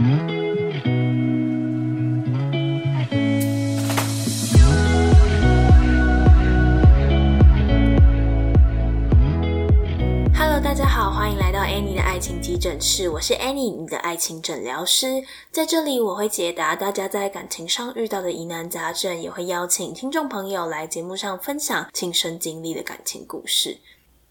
嗯、Hello，大家好，歡迎來到 Annie 的愛情急診室，我是 Annie，你的愛情診療師。在這裡，我會解答大家在感情上遇到的疑難雜症，也會邀請聽眾朋友來節目上分享親身經歷的感情故事。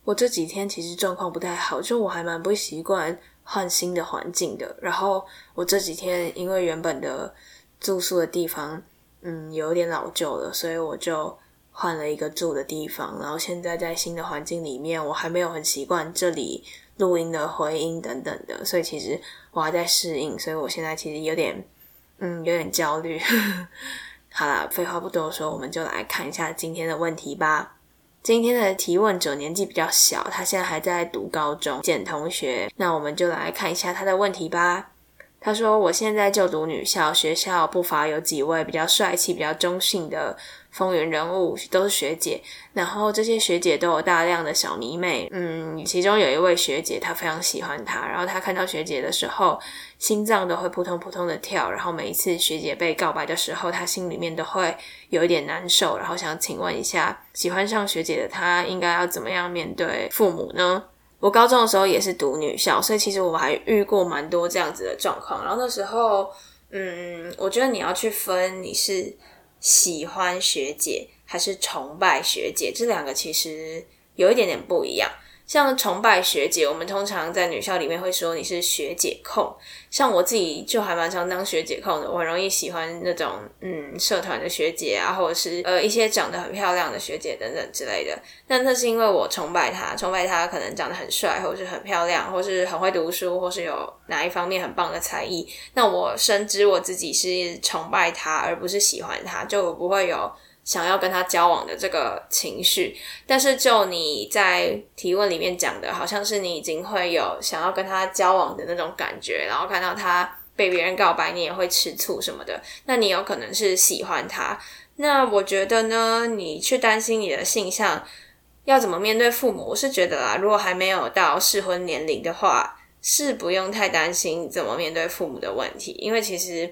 我這幾天其實狀況不太好，就我還蠻不習慣。換新的環境的，然後我這幾天因為原本的住宿的地方，嗯，有點老舊了，所以我就換了一個住的地方。然後現在在新的環境裡面，我還沒有很習慣這裡錄音的回音等等的，所以其實我還在適應，所以我現在其實有點，嗯，有點焦慮。 好啦，廢話不多說，我們就來看一下今天的問題吧。今天的提問者年紀比較小，他現在還在讀高中，簡同學。那我們就來看一下他的問題吧。他說：“我現在就讀女校，學校不乏有幾位比較帥氣、比較中性的風雲人物，都是學姐。然後這些學姐都有大量的小迷妹。嗯，其中有一位學姐，她非常喜歡她，然後她看到學姐的時候，心臟都會撲通撲通的跳。然後每一次學姐被告白的時候，她心裡面都會有一點難受。然後想請問一下，喜歡上學姐的她應該要怎麼樣面對父母呢？”我高中的時候也是讀女校，所以其實我還遇過蠻多這樣子的狀況。然後那時候，嗯，我覺得你要去分你是喜歡學姐還是崇拜學姐，這兩個其實有一點點不一樣。像崇拜學姐，我們通常在女校裡面會說你是學姐控。像我自己就還蠻常當學姐控的，我很容易喜歡那種嗯社團的學姐啊，或者是呃一些長得很漂亮的學姐等等之類的。那那是因為我崇拜她，崇拜她可能長得很帥，或是很漂亮，或是很會讀書，或是有哪一方面很棒的才藝。那我深知我自己是崇拜她，而不是喜歡她，就我不會有。想要跟他交往的這個情緒，但是就你在提問裡面講的，好像是你已經會有想要跟他交往的那種感覺，然後看到他被別人告白，你也會吃醋什麼的。那你有可能是喜歡他。那我覺得呢，你去擔心你的性向要怎麼面對父母，我是覺得啦，如果還沒有到適婚年齡的話，是不用太擔心怎麼面對父母的問題，因為其實。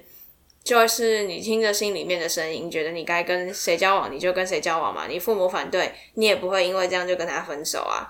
就是你聽着心裡面的聲音，覺得你該跟誰交往，你就跟誰交往嘛。你父母反對，你也不會因為這樣就跟他分手啊。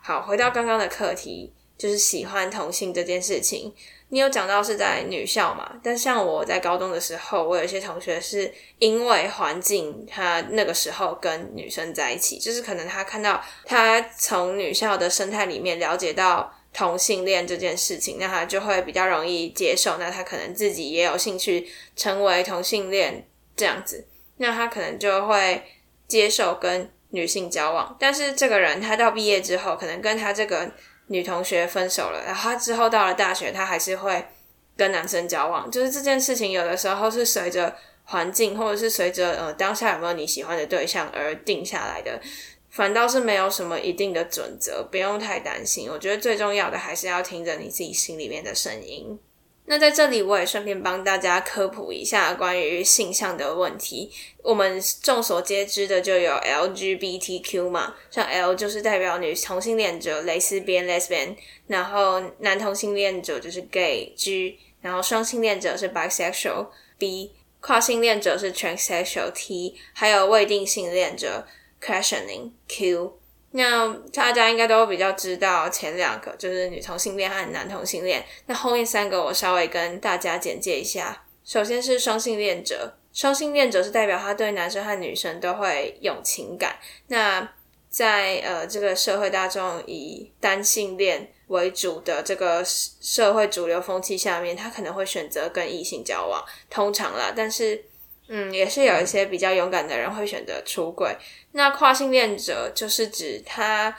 好，回到剛剛的課題，就是喜歡同性這件事情。你有講到是在女校嘛？但像我在高中的時候，我有一些同學是因為環境，他那個時候跟女生在一起，就是可能他看到他從女校的生態裡面了解到。同性戀這件事情，那他就會比較容易接受。那他可能自己也有興趣成為同性戀這樣子，那他可能就會接受跟女性交往。但是這個人他到畢業之後，可能跟他這個女同學分手了，然後他之後到了大學，他還是會跟男生交往。就是這件事情有的時候是隨着環境，或者是隨着呃當下有沒有你喜歡的對象而定下來的。反倒是沒有什麼一定的準則，不用太擔心。我覺得最重要的還是要聽着你自己心裡面的聲音。那在這裡，我也順便幫大家科普一下關於性向的問題。我們眾所皆知的就有 LGBTQ 嘛，像 L 就是代表女同性戀者蕾絲邊 Lesbian，然後男同性戀者就是 Gay G，然後雙性戀者是 Bisexual B，跨性戀者是 Transsexual T，還有未定性戀者。questioning Q，那大家應該都比較知道前兩個就是女同性戀和男同性戀，那後面三個我稍微跟大家簡介一下。首先是雙性戀者，雙性戀者是代表他對男生和女生都會有情感。那在呃這個社會大眾以單性戀為主的這個社會主流風氣下面，他可能會選擇跟異性交往，通常啦，但是。嗯，也是有一些比較勇敢的人會選擇出櫃。那跨性戀者就是指他。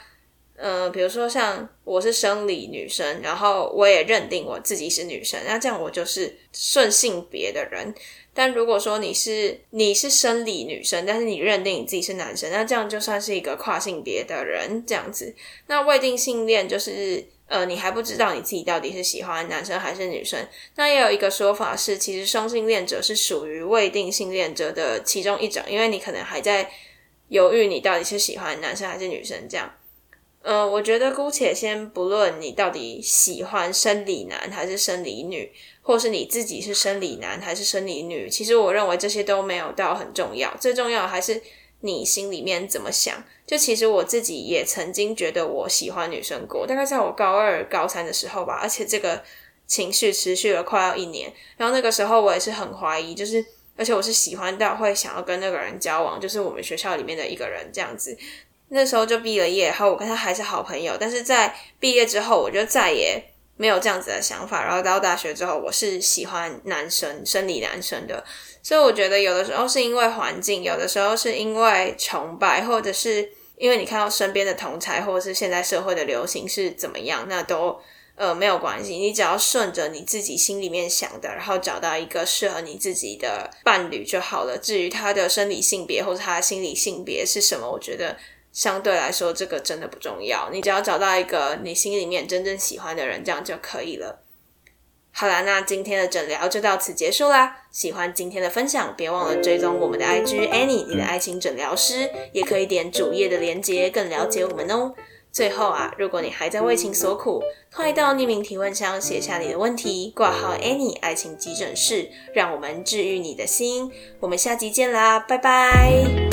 呃，比如說像我是生理女生，然後我也認定我自己是女生，那這樣我就是順性別的人。但如果說你是你是生理女生，但是你認定你自己是男生，那這樣就算是一個跨性別的人，這樣子。那未定性戀就是呃，你還不知道你自己到底是喜歡男生還是女生。那也有一個說法是，其實雙性戀者是屬於未定性戀者的其中一種，因為你可能還在猶豫你到底是喜歡男生還是女生這樣。嗯，我覺得姑且先不論你到底喜歡生理男還是生理女，或是你自己是生理男還是生理女，其實我認為這些都沒有到很重要，最重要的還是你心裡面怎麼想。就其實我自己也曾經覺得我喜歡女生過，大概在我高二、高三的時候吧，而且這個情緒持續了快要一年。然後那個時候我也是很懷疑，就是而且我是喜歡到會想要跟那個人交往，就是我們學校裡面的一個人這樣子。那時候就畢了業，然後我跟他還是好朋友。但是在畢業之後，我就再也沒有這樣子的想法。然後到大學之後，我是喜歡男生、生理男生的，所以我覺得有的時候是因為環境，有的時候是因為崇拜，或者是因為你看到身邊的同儕，或者是現在社會的流行是怎麼樣，那都呃沒有關係。你只要順着你自己心裡面想的，然後找到一個適合你自己的伴侶就好了。至於他的生理性別或者他的心理性別是什麼，我覺得。相對來說，這個真的不重要，你只要找到一個你心裡面真正喜歡的人，這樣就可以了。好啦，那今天的診療就到此結束啦。喜歡今天的分享，別忘了追蹤我們的 IG Annie，你的愛情診療師，也可以點主頁的連結，更了解我們哦。最後啊，如果你還在為情所苦，快到匿名提問箱寫下你的問題，掛號 Annie 愛情急診室，讓我們治癒你的心。我們下集見啦，拜拜。